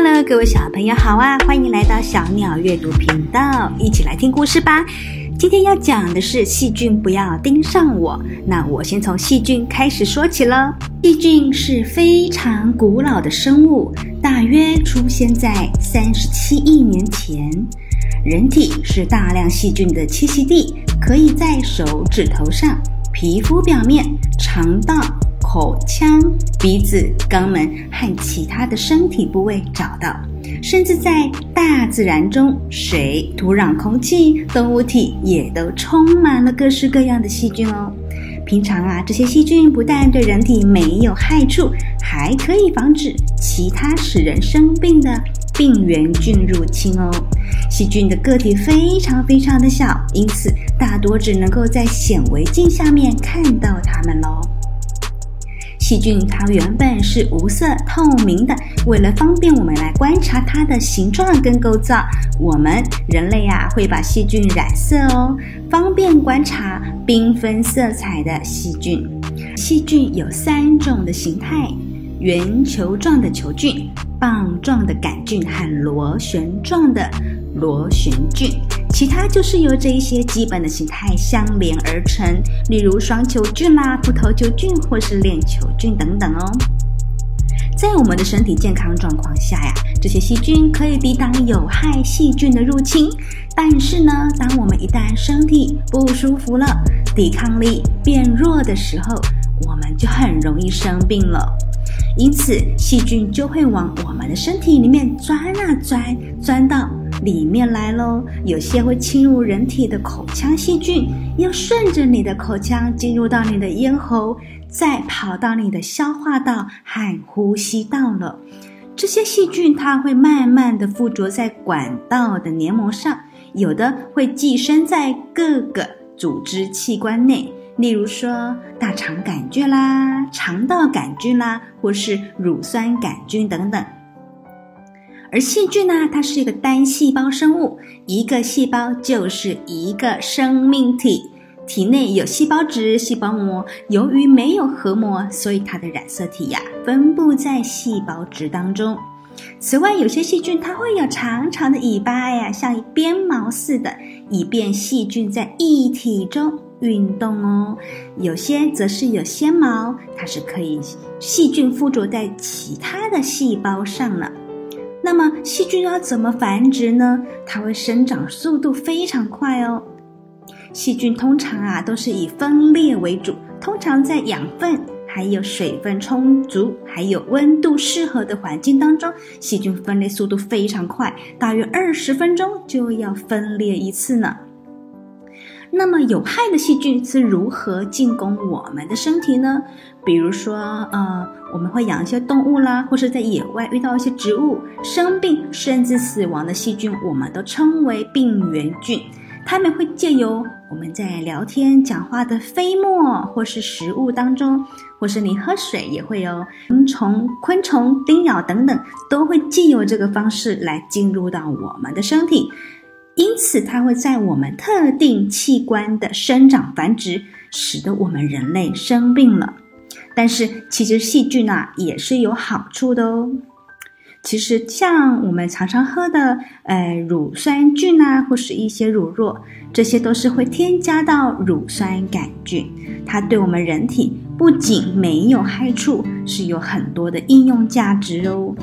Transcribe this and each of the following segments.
Hello，各位小朋友好啊！歡迎來到小鳥閱讀頻道，一起來聽故事吧。今天要講的是細菌不要盯上我。那我先從細菌開始說起咯。細菌是非常古老的生物，大約出現在三十七億年前。人體是大量細菌的棲息地，可以在手指頭上、皮膚表面、腸道。口腔、鼻子、肛門和其他的身體部位找到，甚至在大自然中，水、土壤、空氣、動物體也都充滿了各式各樣的細菌哦。平常啊，這些細菌不但對人體沒有害處，還可以防止其他使人生病的病原菌入侵哦。細菌的個體非常非常的小，因此大多只能夠在顯微鏡下面看到它們嘍。細菌它原本是無色透明的，為了方便我們來觀察它的形狀跟構造，我們人類呀、啊、會把細菌染色哦，方便觀察繽紛色彩的細菌。細菌有三種的形態：圓球狀的球菌、棒狀的桿菌和螺旋狀的螺旋菌。其他就是由這一些基本的形態相連而成，例如雙球菌啦、啊、葡萄球菌或是鏈球菌等等哦。在我們的身體健康狀況下呀，這些細菌可以抵擋有害細菌的入侵。但是呢，當我們一旦身體不舒服了，抵抗力變弱的時候，我們就很容易生病了。因此，細菌就會往我們的身體裡面鑽啊鑽，鑽到。裡面來嘍，有些會侵入人體的口腔細菌，要順着你的口腔進入到你的咽喉，再跑到你的消化道和呼吸道了。這些細菌它會慢慢地附着在管道的黏膜上，有的會寄生在各個組織器官內，例如說大腸桿菌啦、腸道桿菌啦，或是乳酸桿菌等等。而細菌呢、啊，它是一個單細胞生物，一個細胞就是一個生命體，體內有細胞質、細胞膜。由於沒有核膜，所以它的染色體呀、啊、分佈在細胞質當中。此外，有些細菌它會有長長的尾巴呀，像鞭毛似的，以便細菌在液體中運動哦。有些則是有纖毛，它是可以細菌附着在其他的細胞上的。那麼細菌要怎麼繁殖呢？它會生長速度非常快哦。細菌通常啊都是以分裂為主，通常在養分還有水分充足，還有溫度適合的環境當中，細菌分裂速度非常快，大約二十分鐘就要分裂一次呢。那麼有害的細菌是如何進攻我們的身體呢？比如說，呃，我們會養一些動物啦，或是在野外遇到一些植物生病甚至死亡的細菌，我們都稱為病原菌。它們會借由我們在聊天講話的飛沫，或是食物當中，或是你喝水也會有昆蟲、昆蟲叮咬等等，都會借由這個方式來進入到我們的身體。因此，它會在我們特定器官的生長繁殖，使得我們人類生病了。但是，其實細菌呢、啊、也是有好處的哦。其實，像我們常常喝的，呃，乳酸菌吶、啊，或是一些乳酪，這些都是會添加到乳酸桿菌。它對我們人體不僅沒有害處，是有很多的應用價值哦。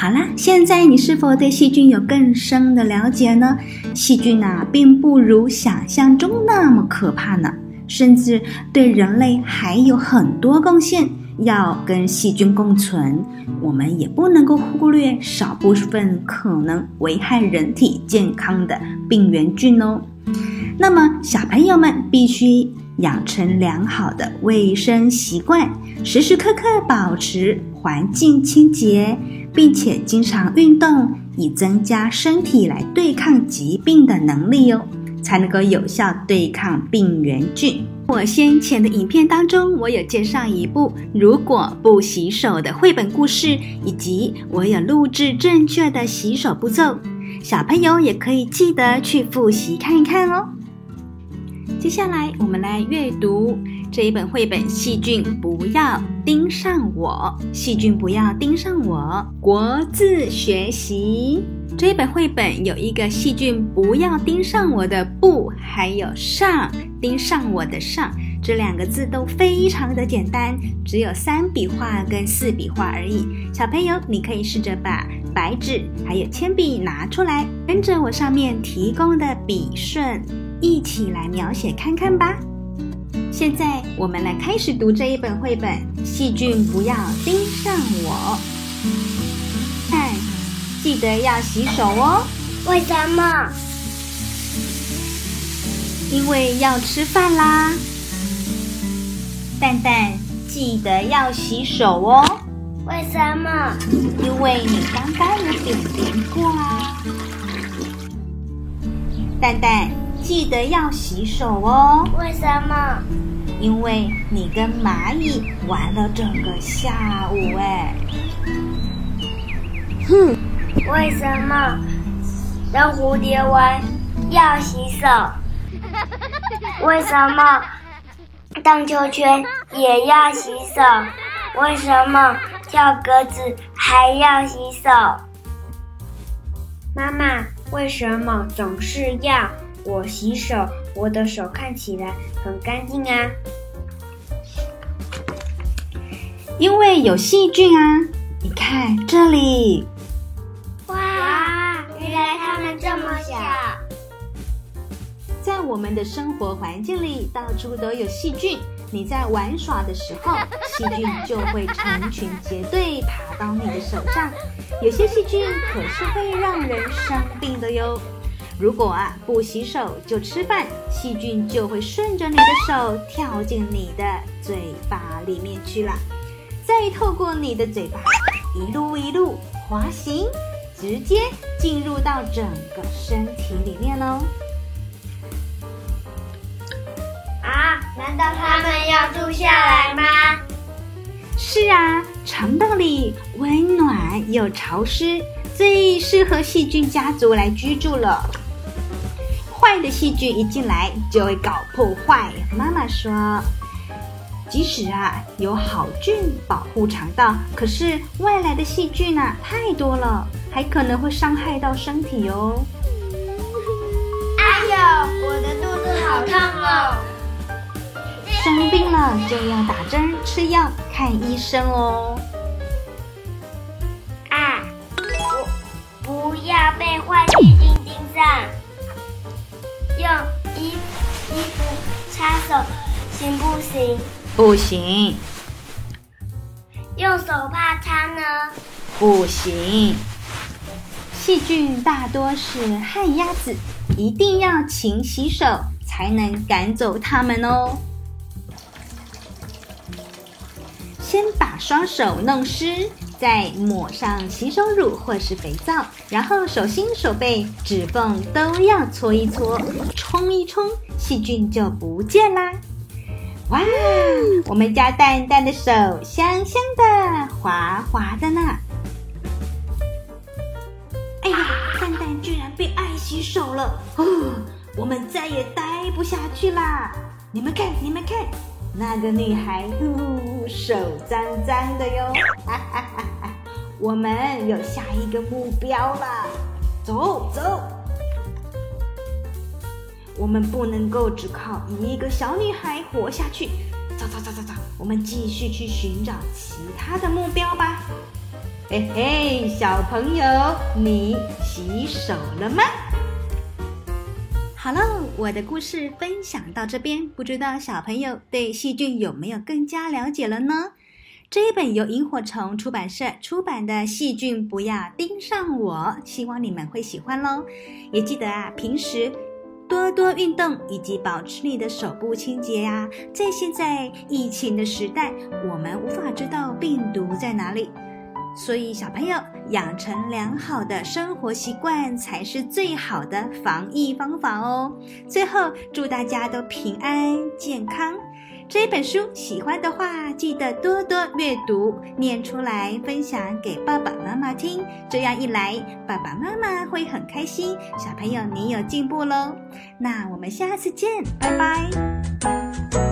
好了，現在你是否對細菌有更深的了解呢？細菌呢、啊，並不如想象中那麼可怕呢，甚至對人類還有很多貢獻。要跟細菌共存，我們也不能夠忽略少部分可能危害人體健康的病原菌哦。那麼，小朋友們必須養成良好的衛生習慣，時時刻刻保持環境清潔。並且經常運動，以增加身體來對抗疾病的能力喲，才能夠有效對抗病原菌。我先前的影片當中，我有介紹一部如果不洗手的繪本故事，以及我有錄製正確的洗手步驟，小朋友也可以記得去複習看一看哦。接下來，我們來閱讀這一本繪本《細菌不要盯上我》。細菌不要盯上我，國字學習，這一本繪本有一個“細菌不要盯上我”的“不”，還有“上”盯上我的“上”這兩個字都非常的簡單，只有三筆畫跟四筆畫而已。小朋友，你可以試着把白紙還有鉛筆拿出來，跟着我上面提供的筆順。一起來描寫看看吧。現在我們來開始讀這一本繪本，《細菌不要盯上我》。蛋蛋，記得要洗手哦。為什麼？因為要吃飯啦。蛋蛋，記得要洗手哦。為什麼？因為你剛剛有點黏過啊。蛋蛋。記得要洗手哦。為什麼？因為你跟螞蟻玩了整個下午，哎。哼，為什麼？跟蝴蝶玩要洗手。為什麼？盪秋千也要洗手。為什麼？跳格子還要洗手？媽媽，為什麼總是要？我洗手，我的手看起來很乾淨啊。因為有細菌啊，你看這裡。哇，原來它們這麼小。在我們的生活環境裡，到處都有細菌。你在玩耍的時候，細菌就會成群結隊爬到你的手上。有些細菌可是會讓人生病的喲。如果啊不洗手就吃飯，細菌就會順着你的手跳進你的嘴巴裡面去了，再透過你的嘴巴一路一路滑行，直接進入到整個身體裡面咯。啊？難道他們要住下來嗎？是啊，腸道裡溫暖又潮濕，最適合細菌家族來居住了。壞的細菌一進來就會搞破壞。媽媽說，即使啊有好菌保護腸道，可是外來的細菌呢太多了，還可能會傷害到身體哦。哎呦，我的肚子好痛哦！生病了就要打針、吃藥、看醫生哦。行不行？不行。不行。用手帕擦呢？不行。細菌大多是旱鴨子，一定要勤洗手才能趕走它們哦。先把雙手弄濕，再抹上洗手乳或是肥皂，然後手心、手背、指縫都要搓一搓，沖一沖，細菌就不見啦。哇，我們家蛋蛋的手香香的、滑滑的呢。哎呀，蛋蛋居然被愛洗手了！哦，我們再也待不下去啦！你們看，你們看，那個女孩，嗚，嗚嗚，手髒髒的喲。哈哈哈哈，我們有下一個目標啦，走走。我們不能夠只靠一個小女孩活下去。走走走走走，我們繼續去尋找其他的目標吧。嘿嘿，小朋友，你洗手了嗎？好嘍，我的故事分享到這邊，不知道小朋友對細菌有沒有更加了解了呢？這一本由螢火蟲出版社出版的《細菌不要盯上我》，希望你們會喜歡嘍。也記得啊，平時。多多運動以及保持你的手部清潔呀，在現在疫情的時代，我們無法知道病毒在哪裡，所以小朋友養成良好的生活習慣才是最好的防疫方法哦。最後，祝大家都平安健康。這本書喜歡的話，記得多多閱讀，念出來分享給爸爸媽媽聽。這樣一來，爸爸媽媽會很開心。小朋友，你有進步嘍！那我們下次見，拜拜。